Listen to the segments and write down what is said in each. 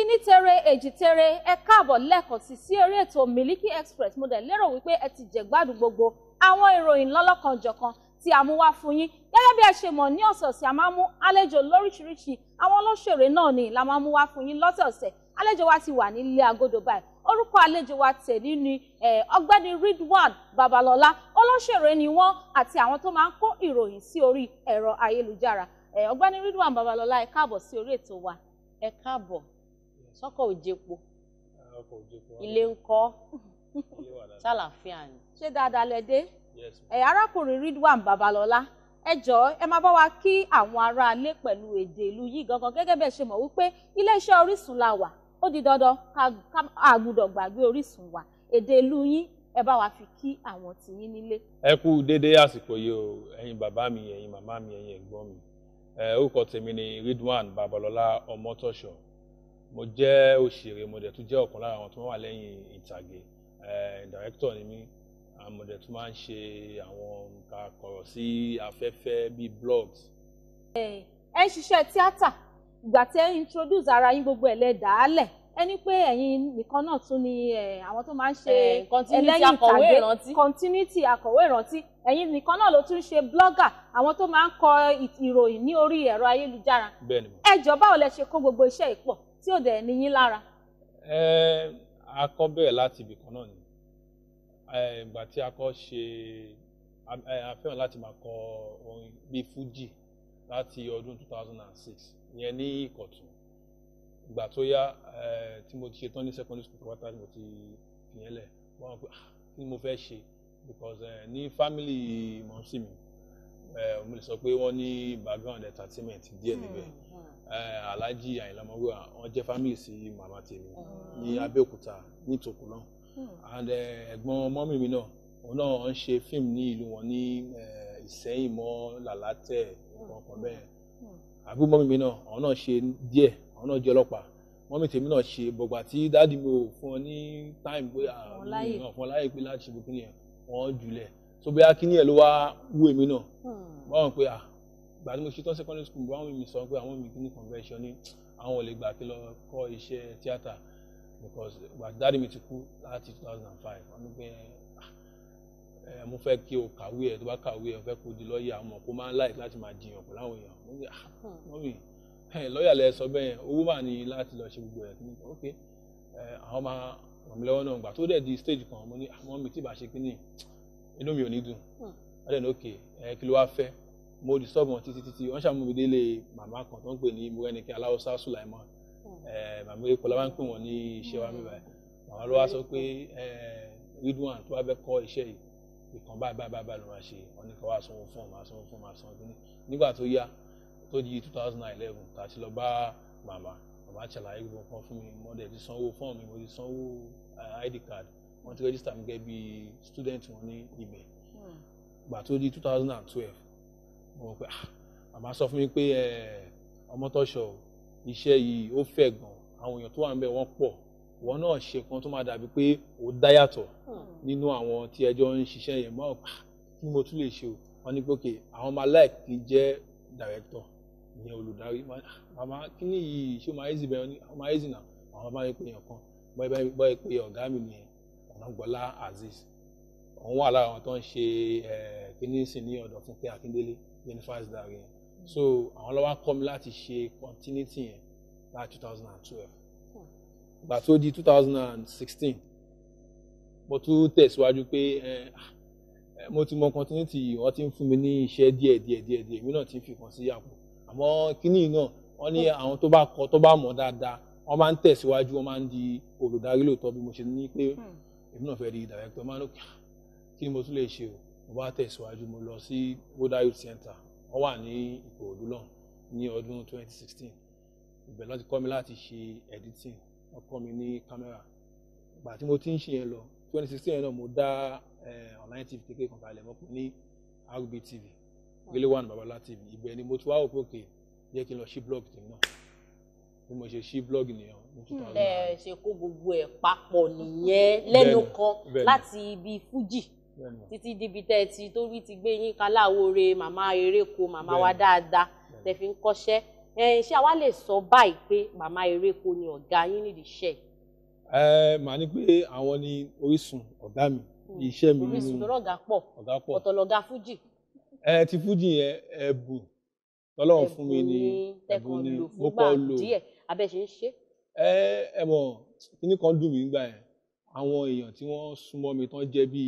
ìnítere èjìtere ẹ káàbọ̀ lẹ́ẹ̀kan sí sí orí ètò Miliki Express mo dẹ̀ lérò wípé ẹ ti jẹ̀gbádùn gbogbo àwọn ìròyìn lọ́lọ́kanjọ̀kan tí a mú wá fún yín gẹ́gẹ́ bí ẹ ṣe mọ̀ ní ọ̀sọ̀ọ̀sẹ̀ a máa mú àlejò lóríṣiríṣi àwọn olóṣèré náà ni la máa mú wá fún yín lọ́sọ̀ọ̀sẹ̀ àlejò wa ti wà nílé agodo báyìí orúkọ àlejò wa tẹ̀lé ni ọ̀gbẹ́ni Ridwan Babalọlá olóṣèré ni wọ́n àti àwọn tó máa ń kó ìròyìn sí orí ẹ̀rọ ayélujára ọ̀gbẹ́ni Ridwan Babalọlá ẹ káàbọ̀ sí orí ètò wa ẹ káàbọ̀ sọ́kọ̀ òjepo ilé ńkọ́ ṣàlàfíà ni. ṣé dáadáa lẹ dé arákùnrin Ridwan Babalọlá ẹ jọ̀ọ́ ẹ máa bá wa kí àwọn aráalé pẹ̀lú èdè ìlú yìí gangan gẹ́gẹ́ bẹ́ẹ̀ ṣe mọ̀ wípé iléeṣẹ́ Orísun la wà ó di dandan ká àgùdọ̀ gbàgbé Orísun wa èdè ìlú yín ẹ bá wa fi kí àwọn tìyín nílé. ẹ kú déédéé àsìkò yìí o ẹ̀yin bàbá mi ẹ̀yin màmá mi ẹ̀yin ẹ̀gbọ́n mi orúkọ tèmi ni Ridwan Babalọlá Ọmọtọ́ṣọ̀ mo jẹ́ òṣèré mo dẹ̀ tún jẹ́ ọ̀kan lára àwọn tó wà lẹ́yìn ìtàgé eh, director ni mí ah, mo dẹ̀ tún máa ń ṣe àwọn nǹkan kọ̀rọ̀ sí afẹ́fẹ́ bíi blogs. Eh, ẹ ń ṣiṣẹ́ tíátà ìgbà tí ẹ ń introduce ara yín gbogbo ẹ̀ lẹ́dàálẹ̀ ẹni pé ẹ̀yin nìkan náà tún ni eh, àwọn tó máa ń ṣe ẹlẹ́yìn ìtàgé continuity akọ̀wé ìrántí ẹ̀yin nìkan náà ló tún ṣe blogger àwọn tó máa ń kọ ìròyìn ní orí ẹ̀rọ ayélujára ẹ jọ̀ọ́ báwo lẹ ṣe kó gbogbo iṣẹ́ yìí tí ò dẹ̀ ní yín lára. ẹ a kọ́ bẹ̀rẹ̀ láti ibì kan náà ni ìgbà tí a kọ́ ṣe a fẹ́ràn láti máa kọ orin bíi fuji láti ọdún two thousand ìyẹn ní ìkọ̀tún ìgbà tó yá tí mo ti ṣe tán ní secondary school pátá mo ti fìyẹn lẹ̀ wọ́n pe ah, kí ni mo fẹ́ ṣe because ní family mọ̀ọ́sí mi mo lè sọ pé wọ́n ní background entertainment díẹ̀ níbẹ̀. Hmm, hmm. Eh, alaji àyìnlá ọmọwúrà wọn jẹ́ family si mama tèmi ah. ní abẹ́òkúta ní ìtòkù náà hmm. and eh, ẹ̀gbọ́n mọ́mì mi náà òun náà ń ṣe fíìmù ní ìlú wọn ní eh, ìsẹ́yìn mọ́ làlátẹ̀ ọkọ̀ hmm. bẹ́ẹ̀ hmm. àbí mọ́mì mi náà àwọn náà ṣe díẹ̀ àwọn náà jẹ́ ọlọ́pàá mọ́mì tèmi náà ṣe bọ̀gbà tí dáàdì mi ò fún ọ ní táìmù pé àwọn ah, náà pé láti ṣe gbogbo yẹn wọ́n jùlẹ̀ so bí akínyẹ̀ ló wá wú èmi náà wọ́n pé ah ìgbà tí mo ṣetán secondary school bó àwọn mi sọ pé àwọn mi kí ní convention ní àwọn ò lè gbà kí lọ kọ́ iṣẹ́ tíátà because ìgbà tí dáàdi mi ti kú láti two thousand and five wọn ní pé ah, ẹ mo fẹ́ kí o kàwé ẹ tó bá kàwé ẹ fẹ́ kó di lọ́ọ̀yà àmọ́ kó máa ń láì láti máa jiyàn pẹ̀lú àwọn èèyàn mo ní ah mọ́mì lọ́ọ̀yà lẹ sọ bẹ́ẹ̀ owó mà ní láti lọ ṣe gbogbo ẹ̀ kí ni ok àwọn máa ràn mí lọ́wọ́ náà gbà tó dẹ̀ di stage kan mo ní ah, mọ́mì tí ì bá ṣe kí ni inú mi ò ní dùn hmm. ọ̀dẹ̀ ní ok kí ló wá fẹ́ mo di wọn títí títí wọ́n ṣàmúbi délé màmá kan tó ń pè ní Morenike Aláwọ̀sá Sulaiman hmm. eh, màmá èkó la máa ń pè wọ́n ní iṣẹ́ wa mi hmm. báyìí màmá ló wá sọ pé eh, Ridwan tó wá fẹ́ kọ́ iṣẹ́ yìí ìkan báyìí báyìí báyìí ló máa ṣe wọ́n ní ká wá sanwó fún ọmọ sanwó fún ọmọ sanwó fún nígbà tó yá tó di two thousand and eleven tàti lọ bá màmá màmá ṣàlàyé gbogbo nǹkan fún mi mo dẹ̀ ti sanwó fọ́ọ̀mù mo ti sanwó eh, id card wọ́n ti rẹ́gísítà mi gẹ́gẹ́ student wọn ní ibẹ̀ hmm. gbà tó di two mo rò pé ah, màmá sọ fún mi pé ọmọtọ́ṣọ iṣẹ́ yìí ó fẹ̀ gan àwọn èèyàn tó wà ń bẹ̀ wọ́n pọ̀ wọn náà ṣe kan tó máa dàbí pé ó dá yàtọ̀ hmm. nínú àwọn tí ẹjọ́ ń ṣiṣẹ́ yẹn mọ́ ah, kí mo tún lè ṣe o wọn ní pé òkè àwọn máa láìpẹ́ jẹ́ director ìyẹn olùdarí ah, màmá kí ni yìí ṣé máa easy bẹ́ẹ̀ máa easy náà àwọn máa ń pè yàn kan bọ́ ẹ pé ọ̀gá mi nìyẹn Ọ̀nàgbọ́lá Aziz òun wà lára àwọn tó ń ṣe kíní sí ní ọ̀dọ̀ Fúnkẹ́ Akíndélé unifies that again hmm. so àwọn lọ́wọ́ kọ́ mi láti ṣe continuity yẹn láti two thousand and twelve hmm. gbà tó di two thousand and sixteen mo tún tẹ̀síwájú pé mo ti mọ continuity yìí wọ́n ti ń fún mi ní iṣẹ́ díẹ̀ díẹ̀ díẹ̀ díẹ̀ èmi náà ti ń fi kàn sí àpò àmọ́ kínní náà wọ́n ní àwọn tó bá kọ́ tó bá mọ̀ dáadáa wọ́n máa ń tẹ̀síwájú wọ́n máa ń di olùdarí lóòótọ́ bí mo ṣe ní pé hmm. èmi náà fẹ́ di director máa ń lò kí ah, ni mo tún lè ṣe o mo bá tẹ̀síwájú mo lọ sí Boda Youth Center wọ́n wà ní Ìkòròdú náà ní ọdún 2016 ibẹ̀ ló ti kọ́ mi láti ṣe editing wọ́n kọ́ mi ní camera ìgbà tí mo ti ń ṣe yẹn lọ 2016 yẹn náà mo dá online tv kékeré kan kalẹ̀ mọ́ ní RBTV Gele One Babala TV ibẹ̀ ni mo ti wá òpó òkè jẹ́ kí n lọ ṣí blog tèmi náà bí mo ṣe ṣí blog nìyẹn ní two thousand. ẹ ṣe kó gbogbo ẹ̀ papọ̀ nìyẹn lẹ́nu kan láti ibi Fuji títí dibi tẹ́ ẹ ti torí ti gbé yín kaláwore màmá eréko màmá wa dáadáa tẹ́ fi ń kọ́ṣẹ́ ṣé àwa lè sọ báyìí pé màmá eréko ni ọ̀gá yín nídìí iṣẹ́ ẹ màá ní pé àwọn ni orísun ọ̀gá mi hmm. iṣẹ́ mi nínú orísun lọ́rọ̀ ọ̀gá pọ̀ ọ̀tọ̀ lọ́gá fújì ẹ ti fújì yẹn ẹ̀bùn tọ́lọ́run fún mi ni ẹ̀bùn ni mo pọ̀ lò díẹ̀ abẹ́ ṣe ń ṣe. ẹ ẹ mọ̀ kíní kan dùn mí nígbà yẹn àwọn èèyàn tí wọ́n súnmọ́ mi tán jẹ́ bí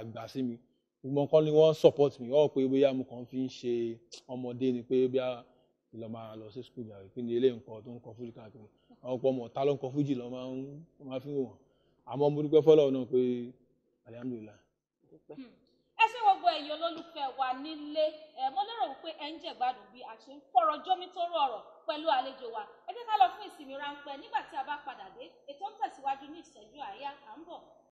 àgbà sí mi gbogbo nǹkan ni wọ́n support mi wọ́n pé bóyá mo kàn fi ń ṣe ọmọdé ni pé bóyá lọ máa lọ sí school yàrá ìpínlẹ̀ ilé nǹkan tó ń kọ fújì káàkiri àwọn ọmọ ta ló ń kọ fújì lọ máa ń fi wọ̀n àmọ́ mo dúpẹ́ fọ́lọ́ náà pé alihamudulilayi ṣé gbogbo ẹ̀yin olólùfẹ́ wa nílé ẹ mo lérò wípé ẹ ń jẹ̀gbádùn bí a ṣe ń fọ̀rọ̀ jomitoro ọ̀rọ̀ pẹ̀lú àlejò wa ẹ jẹ́ ká lọ fún ìsinmi ráńpẹ́ nígbà tí a bá padà dé ètò ń tẹ̀síwájú ní ìṣẹ́jú àáyá à ń bọ̀.